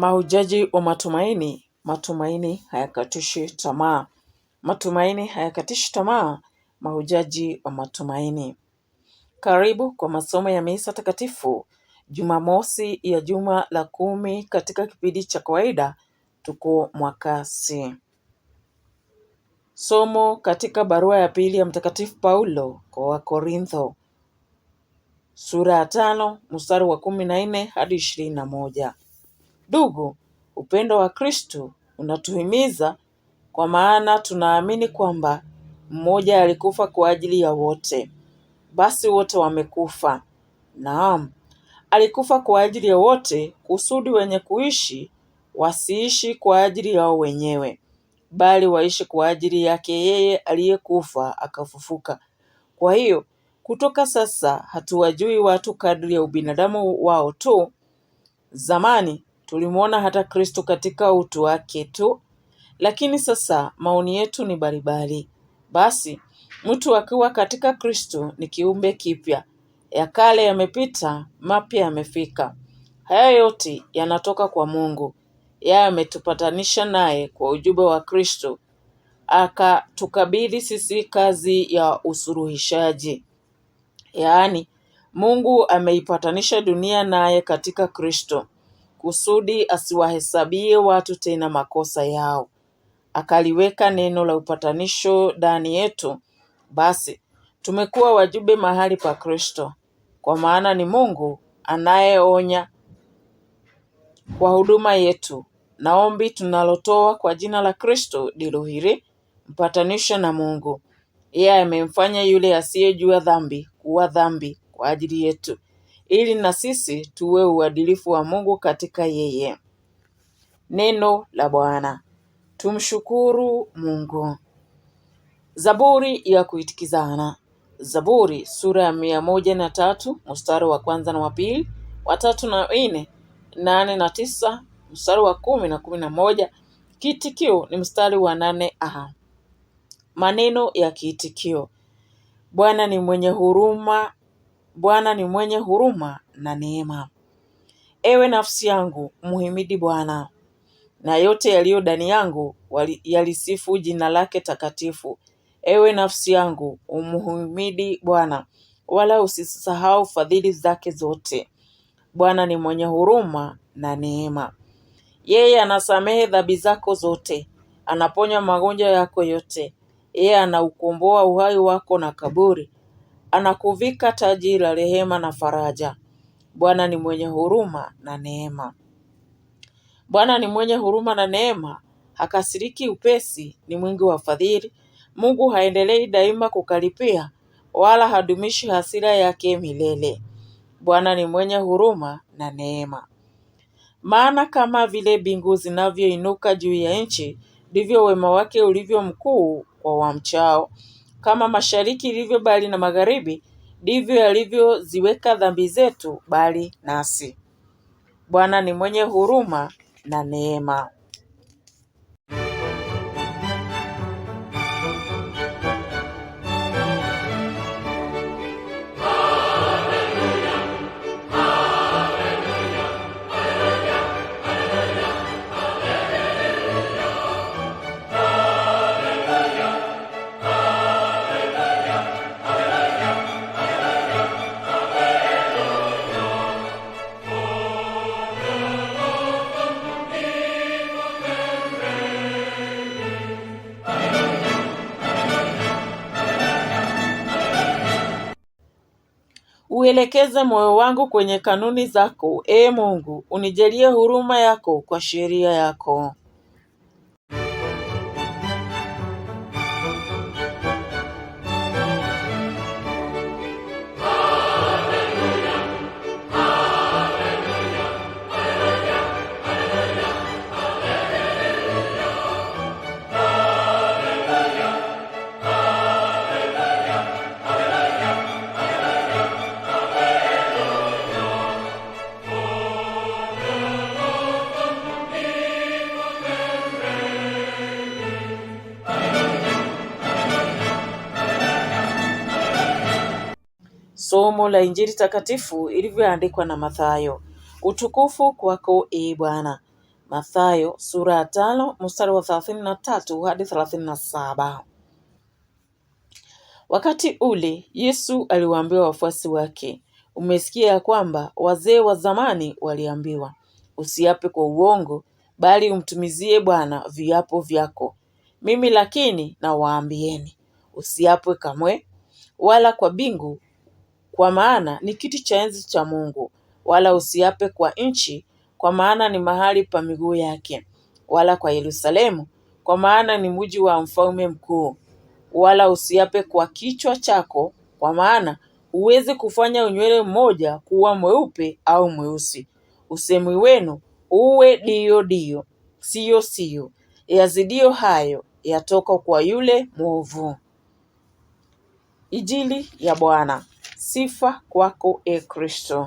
Mahujaji wa matumaini. Matumaini hayakatishi tamaa. Matumaini hayakatishi tamaa. Mahujaji wa matumaini. Karibu kwa masomo ya misa takatifu Jumamosi ya juma la kumi katika kipindi cha kawaida, tuko mwaka C. Somo katika barua ya pili ya Mtakatifu Paulo kwa Wakorintho sura ya tano mstari wa kumi na nne hadi ishirini na moja. Ndugu, upendo wa Kristo unatuhimiza kwa maana tunaamini kwamba mmoja alikufa kwa ajili ya wote, basi wote wamekufa. Naam, alikufa kwa ajili ya wote kusudi wenye kuishi wasiishi kwa ajili yao wenyewe, bali waishi kwa ajili yake yeye aliyekufa akafufuka. Kwa hiyo kutoka sasa hatuwajui watu kadri ya ubinadamu wao tu. Zamani Tulimwona hata Kristo katika utu wake tu, lakini sasa maoni yetu ni baribari. Basi mtu akiwa katika Kristo ni kiumbe kipya, ya kale yamepita, mapya yamefika. Haya yote yanatoka kwa Mungu, yeye ametupatanisha naye kwa ujumbe wa Kristo, akatukabidhi sisi kazi ya usuluhishaji. Yaani, Mungu ameipatanisha dunia naye katika Kristo, kusudi asiwahesabie watu tena makosa yao, akaliweka neno la upatanisho ndani yetu, basi tumekuwa wajumbe mahali pa Kristo, kwa maana ni Mungu anayeonya kwa huduma yetu. Na ombi tunalotoa kwa jina la Kristo ndilo hili: mpatanisho na Mungu, yeye amemfanya yule asiyejua dhambi kuwa dhambi kwa ajili yetu, ili na sisi tuwe uadilifu wa Mungu katika yeye. Neno la Bwana. Tumshukuru Mungu. Zaburi ya kuitikizana. Zaburi sura ya mia moja na tatu mstari wa kwanza na wa pili, wa tatu na nne, nane na tisa, mstari wa kumi na kumi na moja. Kiitikio ni mstari wa nane a. Maneno ya kiitikio: Bwana ni mwenye huruma Bwana ni mwenye huruma na neema. Ewe nafsi yangu, muhimidi Bwana, na yote yaliyo ndani yangu yalisifu jina lake takatifu. Ewe nafsi yangu, umuhimidi Bwana, wala usisahau fadhili zake zote. Bwana ni mwenye huruma na neema. Yeye anasamehe dhambi zako zote, anaponya magonjwa yako yote. Yeye anaukomboa uhai wako na kaburi, anakuvika taji la rehema na faraja. Bwana ni mwenye huruma na neema. Bwana ni mwenye huruma na neema, hakasiriki upesi, ni mwingi wa fadhili. Mungu haendelei daima kukalipia, wala hadumishi hasira yake milele. Bwana ni mwenye huruma na neema. Maana kama vile mbingu zinavyoinuka juu ya nchi, ndivyo wema wake ulivyo mkuu kwa wamchao kama mashariki ilivyo bali na magharibi, ndivyo alivyoziweka dhambi zetu bali nasi. Bwana ni mwenye huruma na neema. Uelekeze moyo wangu kwenye kanuni zako, Ee Mungu, unijalie huruma yako kwa sheria yako. Somo la Injili takatifu ilivyoandikwa na Mathayo. Utukufu kwako e Bwana. Mathayo sura ya tano mstari wa thelathini na tatu hadi thelathini na saba. Wakati ule Yesu aliwaambia wafuasi wake, umesikia ya kwamba wazee wa zamani waliambiwa, usiape kwa uongo, bali umtumizie Bwana viapo vyako. Mimi lakini nawaambieni, usiapwe kamwe, wala kwa bingu kwa maana ni kiti cha enzi cha Mungu. Wala usiape kwa nchi, kwa maana ni mahali pa miguu yake, wala kwa Yerusalemu, kwa maana ni mji wa mfalme mkuu. Wala usiape kwa kichwa chako, kwa maana huwezi kufanya unywele mmoja kuwa mweupe au mweusi. Usemi wenu uwe dio dio, siyo siyo; yazidio hayo yatoka kwa yule mwovu. ijili ya Bwana. Sifa kwako e Kristo.